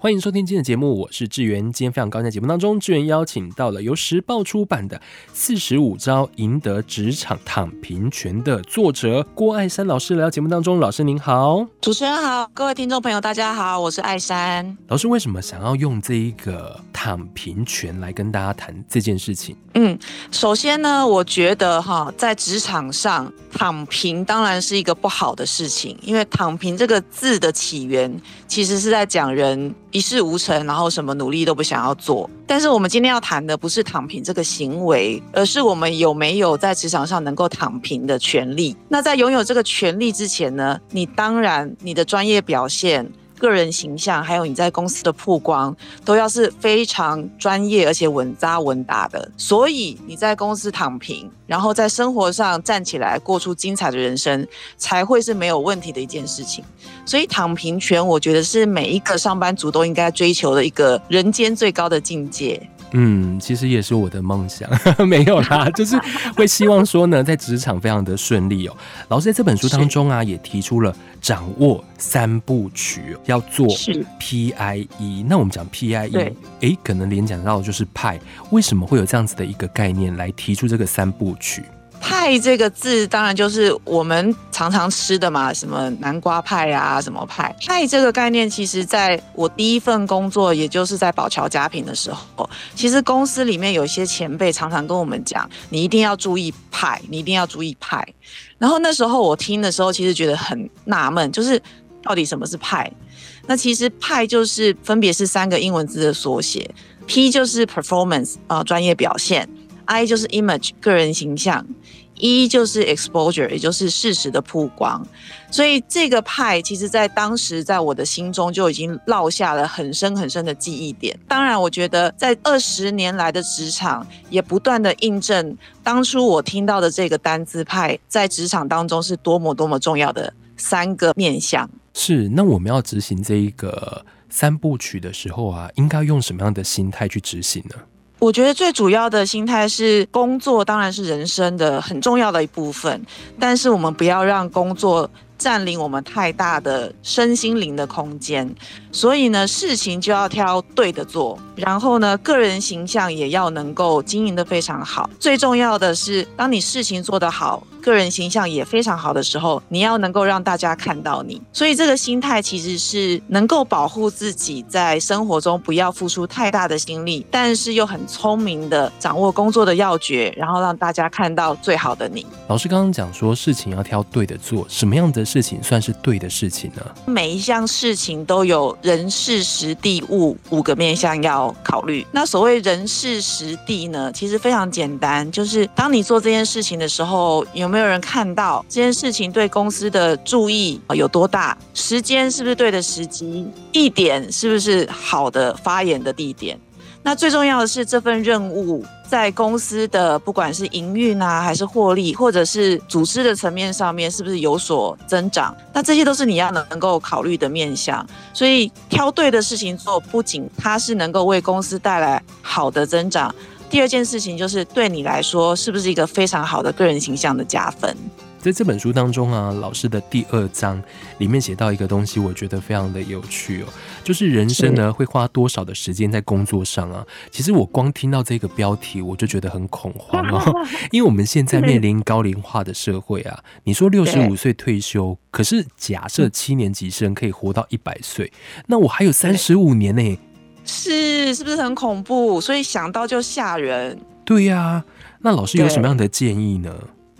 歡迎收聽今天的節目，我是志源。今天非常高興在節目當中，志源邀請到了由時報出版的《四十五招贏得職場躺平權》的作者郭艾珊老師來到節目當中。老師您好。主持人好，各位聽眾朋友大家好，我是艾珊老師。為什麼想要用這一個“躺平權”來跟大家談這件事情？嗯，首先呢，我覺得哈、哦，在職場上躺平當然是一個不好的事情，因為“躺平”這個字的起源其實是在講人。一事無成，然後什麼努力都不想要做。但是我們今天要談的不是躺平這個行為，而是我們有沒有在職場上能夠躺平的權利。那在擁有這個權利之前呢，你當然你的專業表現。個人形象，還有你在公司的曝光，都要是非常專業而且穩扎穩打的。所以你在公司躺平，然後在生活上站起來，過出精彩的人生，才會是沒有問題的一件事情。所以躺平權，我覺得是每一個上班族都應該追求的一個人間最高的境界。嗯，其實也是我的夢想，呵呵，沒有啦，就是會希望說呢，在職場非常的順利哦、喔。老師在這本書當中啊，是也提出了掌握三部曲，要做 P I E 是。那我們講 P I E，哎，可能聯想到的就是派，為什麼會有這樣子的一個概念來提出這個三部曲？派這個字，當然就是我們常常吃的嘛，什麼南瓜派啊，什麼派。派這個概念，其實在我第一份工作，也就是在寶僑家品的時候，其實公司裡面有些前輩常常跟我們講，你一定要注意派，你一定要注意派。然後那時候我聽的時候，其實覺得很納悶，就是到底什麼是派？那其實派就是分別是三個英文字的縮寫，P 就是 performance，呃，專業表現；I 就是 image，個人形象。一就是 exposure，也就是事實的曝光，所以這個派其實在當時，在我的心中就已經烙下了很深很深的記憶點。當然，我覺得在二十年來的職場也不斷的印證，當初我聽到的這個單字派在職場當中是多麼多麼重要的三個面向。是，那我們要執行這一個三部曲的時候啊，應該用什麼樣的心態去執行呢？我覺得最主要的心態是，工作當然是人生的很重要的一部分，但是我們不要讓工作佔領我們太大的身心靈的空間，所以呢，事情就要挑對的做，然後呢，個人形象也要能夠經營得非常好。最重要的是，當你事情做得好，個人形象也非常好的時候，你要能夠讓大家看到你。所以這個心態其實是能夠保護自己在生活中不要付出太大的心力，但是又很聰明的掌握工作的要訣，然後讓大家看到最好的你。老師剛剛講說，事情要挑對的做，什麼樣的事？事情算是對的事情呢、啊？每一項事情都有人事時地物、時地、物五個面向要考慮。那所謂人事時地呢，其實非常簡單，就是當你做這件事情的時候，有沒有人看到這件事情對公司的注意有多大？時間是不是對的時機？地點是不是好的發言的地點？那最重要的是，這份任務在公司的不管是營運啊，還是獲利，或者是組織的層面上面，是不是有所增長？那這些都是你要能夠考慮的面向。所以，挑對的事情做，不僅它是能夠為公司帶來好的增長，第二件事情就是對你來說，是不是一個非常好的個人形象的加分？在這本書當中啊，老師的第二章裡面寫到一個東西，我覺得非常的有趣哦，就是人生呢會花多少的時間在工作上啊？其實我光聽到這個標題我就覺得很恐慌哦，因為我們現在面臨高齡化的社會啊。你說六十五歲退休，可是假設七年級生可以活到一百歲，那我還有三十五年呢，欸，是是不是很恐怖？所以想到就嚇人。對呀、啊，那老師有什麼樣的建議呢？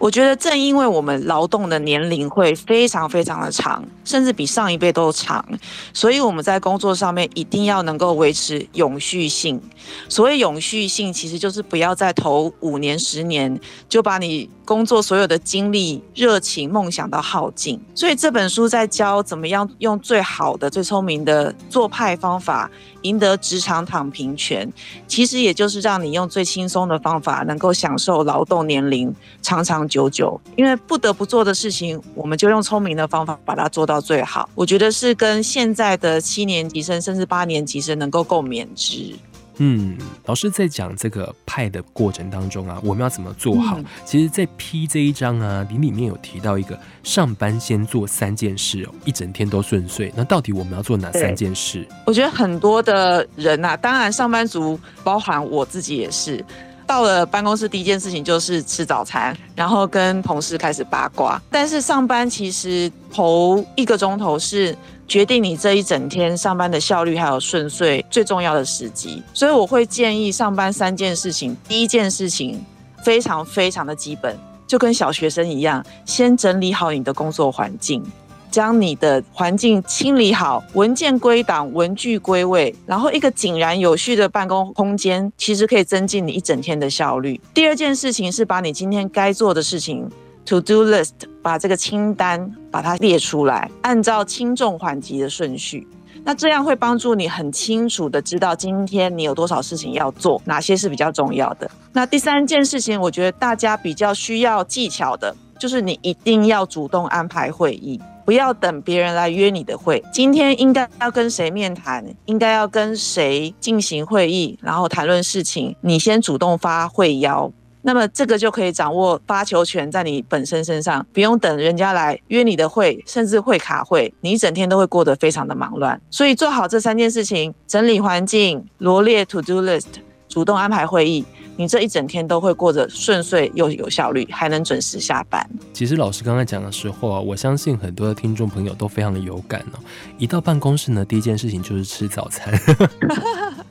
我覺得正因為我們勞動的年齡會非常非常的長，甚至比上一輩都長，所以我們在工作上面一定要能夠維持永續性。所謂永續性，其實就是不要在頭五年、十年就把你工作所有的精力、熱情、夢想都耗盡。所以這本書在教怎麼樣用最好的、最聰明的做 PIE 方法贏得職場躺平權，其實也就是讓你用最輕鬆的方法，能夠享受勞動年齡常常。九九，因為不得不做的事情，我們就用聰明的方法把它做到最好。我覺得是跟現在的七年級生甚至八年級生能夠共勉之。嗯，老師在講這個派的過程當中啊，我們要怎麼做好？嗯、其實，在 P 這一章啊，你裡面有提到一個上班先做三件事，哦，一整天都順遂。那到底我們要做哪三件事？我覺得很多的人啊，當然上班族，包含我自己也是。到了辦公室，第一件事情就是吃早餐，然後跟同事開始八卦。但是上班其實頭一個鐘頭是決定你這一整天上班的效率還有順遂最重要的時機，所以我會建議上班三件事情。第一件事情非常非常的基本，就跟小學生一樣，先整理好你的工作環境。將你的環境清理好，文件歸檔，文具歸位，然後一個井然有序的辦公空間，其實可以增進你一整天的效率。第二件事情是把你今天該做的事情 to do list，把這個清單把它列出來，按照輕重緩急的順序，那這樣會幫助你很清楚地知道今天你有多少事情要做，哪些是比較重要的。那第三件事情，我覺得大家比較需要技巧的，就是你一定要主動安排會議。不要等別人來約你的會。今天應該要跟誰面談，應該要跟誰進行會議，然後談論事情，你先主動發會邀。那麼這個就可以掌握發球權在你本身身上，不用等人家來約你的會，甚至會卡會，你整天都會過得非常的忙亂。所以做好這三件事情：整理環境，羅列 To Do List，主動安排會議。你這一整天都會過着順遂又有效率，還能準時下班。其實老師剛才講的時候啊，我相信很多的聽眾朋友都非常的有感哦。一到辦公室呢，第一件事情就是吃早餐。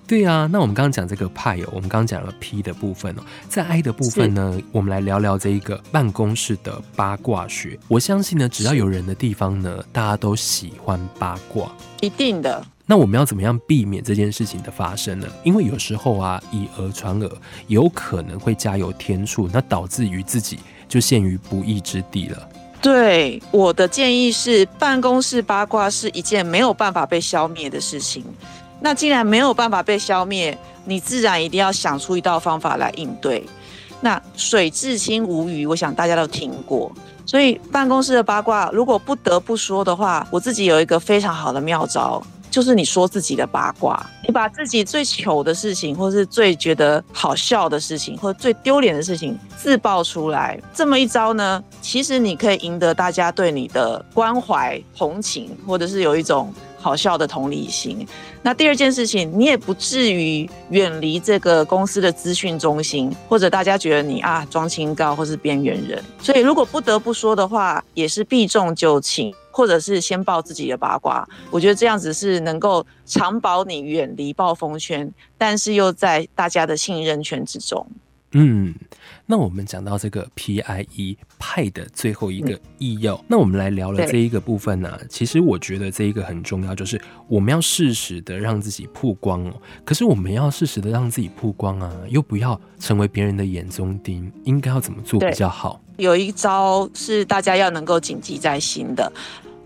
對啊，那我們剛剛講這個派哦，我們剛剛講了 P 的部分哦，在 I 的部分呢，是我們來聊聊這一個辦公室的八卦學。我相信呢，只要有人的地方呢，是大家都喜歡八卦，一定的。那我們要怎麼樣避免這件事情的發生呢？因為有時候啊，以訛傳訛有可能會加油添醋，那導致於自己就陷於不義之地了。對，我的建議是，辦公室八卦是一件沒有辦法被消滅的事情。那既然沒有辦法被消滅，你自然一定要想出一道方法來應對。那水至清無魚，我想大家都聽過。所以辦公室的八卦，如果不得不說的話，我自己有一個非常好的妙招。就是你說自己的八卦，你把自己最糗的事情，或是最覺得好笑的事情，或最丟臉的事情自曝出來，這麼一招呢，其實你可以贏得大家對你的關懷、同情，或者是有一種好笑的同理心。那第二件事情，你也不至於遠離這個公司的資訊中心，或者大家覺得你啊裝清高或是邊緣人。所以如果不得不說的話，也是避重就輕。或者是先報自己的八卦，我覺得這樣子是能夠長保你遠離暴風圈，但是又在大家的信任圈之中。嗯，那我們講到這個 P I E 派的最後一個 E 喔，嗯、那我們來聊了這一個部分呢，啊。對其實我覺得這一個很重要，就是我們要適時的讓自己曝光哦。可是我們要適時的讓自己曝光啊，又不要成為別人的眼中釘，應該要怎麼做比較好？有一招是大家要能夠謹記在心的。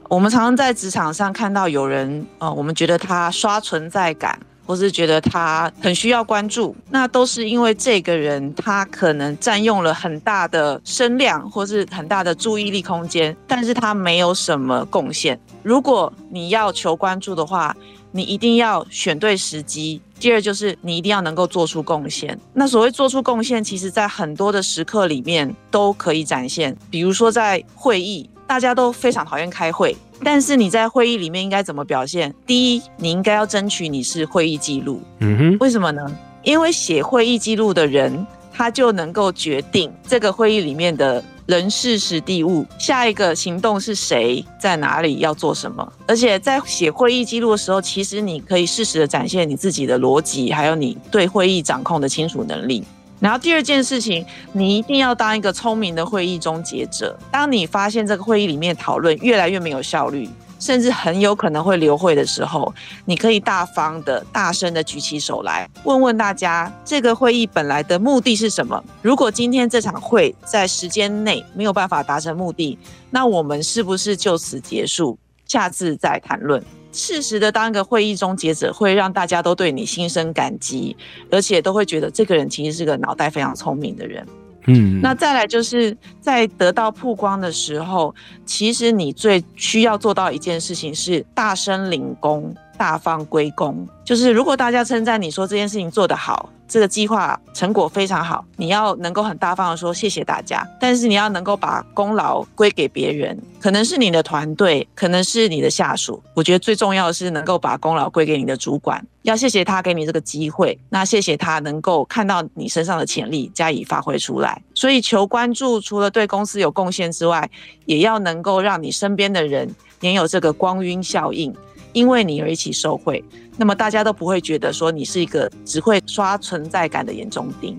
我們常常在職場上看到有人，呃，我們覺得他刷存在感，或是覺得他很需要關注，那都是因為這個人他可能占用了很大的聲量，或是很大的注意力空間，但是他沒有什麼貢獻。如果你要求關注的話，你一定要選對時機。第二，就是你一定要能夠做出貢獻。那所謂做出貢獻，其實在很多的時刻裡面都可以展現。比如說在會議，大家都非常討厭開會，但是你在會議裡面應該怎麼表現？第一，你應該要爭取你是會議記錄。嗯哼，為什麼呢？因為寫會議記錄的人，他就能夠決定這個會議裡面的人事時地物，下一個行動是誰在哪裡要做什麼？而且在寫會議記錄的時候，其實你可以適時的展現你自己的邏輯，還有你對會議掌控的清楚能力。然後第二件事情，你一定要當一個聰明的會議終結者。當你發現這個會議裡面討論越來越沒有效率。甚至很有可能會留會的時候，你可以大方的、大聲的舉起手來，問問大家這個會議本來的目的是什麼？如果今天這場會在時間內沒有辦法達成目的，那我們是不是就此結束？下次再談論。適時的當一個會議終結者，會讓大家都對你心生感激，而且都會覺得這個人其實是個腦袋非常聰明的人。嗯，那再來就是在得到曝光的時候，其實你最需要做到一件事情是大聲領功。大方歸功，就是如果大家稱讚你說這件事情做得好，這個計劃成果非常好，你要能夠很大方的說謝謝大家，但是你要能夠把功勞歸給別人，可能是你的團隊，可能是你的下屬。我覺得最重要的是能夠把功勞歸給你的主管，要謝謝他給你這個機會，那謝謝他能夠看到你身上的潛力加以發揮出來。所以求關注，除了對公司有貢獻之外，也要能夠讓你身邊的人也有這個光暈效應。因為你而一起受惠，那麼大家都不會覺得說你是一個只會刷存在感的眼中釘。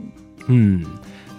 嗯，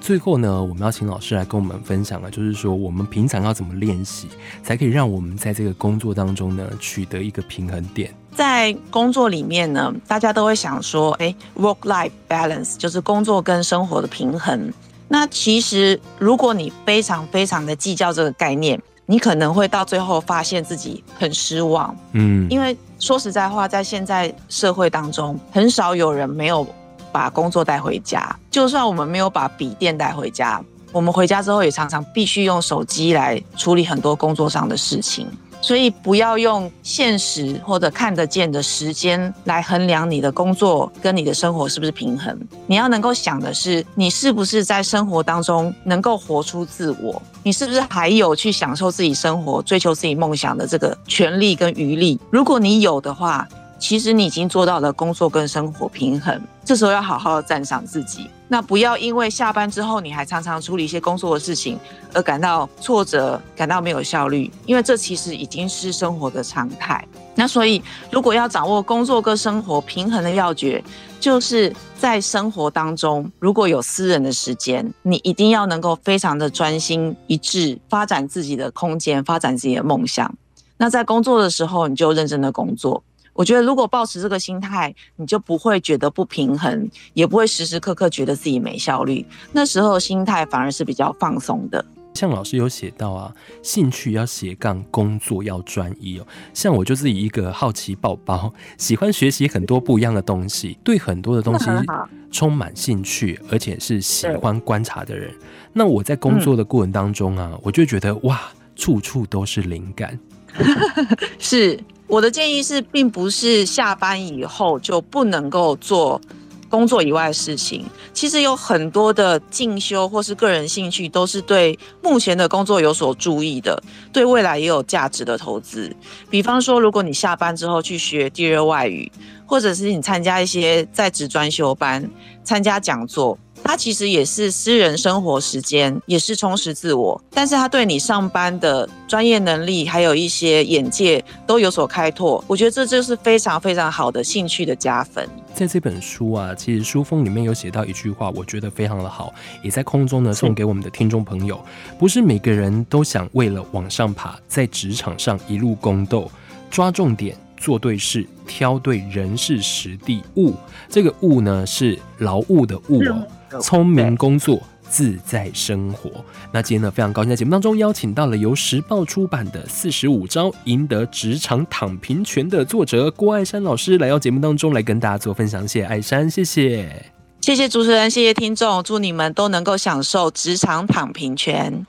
最後呢，我們要請老師來跟我們分享的就是說我們平常要怎麼練習，才可以讓我們在這個工作當中呢，取得一個平衡點。在工作裡面呢，大家都會想說，哎、欸、，work-life balance 就是工作跟生活的平衡。那其實如果你非常非常的計較這個概念。你可能會到最後發現自己很失望，嗯，因為說實在話，在現在社會當中，很少有人沒有把工作帶回家。就算我們沒有把筆電帶回家，我們回家之後也常常必須用手機來處理很多工作上的事情。所以不要用現實或者看得見的時間來衡量你的工作跟你的生活是不是平衡。你要能夠想的是，你是不是在生活當中能夠活出自我？你是不是還有去享受自己生活、追求自己夢想的這個權利跟餘力？如果你有的話，其實你已經做到了工作跟生活平衡。這時候要好好的讚賞自己，那不要因為下班之後你還常常處理一些工作的事情而感到挫折，感到沒有效率，因為這其實已經是生活的常態。那所以，如果要掌握工作跟生活平衡的要訣，就是在生活當中如果有私人的時間，你一定要能夠非常的專心一致，發展自己的空間，發展自己的夢想。那在工作的時候，你就認真的工作。我覺得，如果保持這個心態，你就不會覺得不平衡，也不會時時刻刻覺得自己沒效率。那時候心態反而是比較放鬆的。像老師有寫到啊，興趣要斜槓，工作要專一哦。像我就是一個好奇寶寶，喜歡學習很多不一樣的東西，嗯、對很多的東西充滿興趣，而且是喜歡觀察的人。嗯、那我在工作的過程當中啊，我就覺得哇，處處都是靈感， 是。我的建議是，並不是下班以後就不能夠做工作以外的事情。其實有很多的進修或是個人興趣，都是對目前的工作有所注意的，對未來也有價值的投資。比方說，如果你下班之後去學第二外語，或者是你參加一些在職專修班、參加講座。它其實也是私人生活時間，也是充實自我，但是它對你上班的專業能力，還有一些眼界都有所開拓。我覺得這就是非常非常好的興趣的加分。在這本書啊，其實書封裡面有寫到一句話，我覺得非常的好，也在空中呢送給我們的聽眾朋友。嗯、不是每個人都想為了往上爬，在職場上一路宮鬥，抓重點，做對事，挑對人事，時地務。這個務呢是勞務的務哦。嗯聰明工作，自在生活。那今天呢，非常高興在節目當中邀請到了由時報出版的《四十五招贏得職場躺平權》的作者郭艾珊老師來到節目當中來跟大家做分享。謝謝艾珊，謝謝，謝謝主持人，謝謝聽眾，祝你們都能夠享受職場躺平權。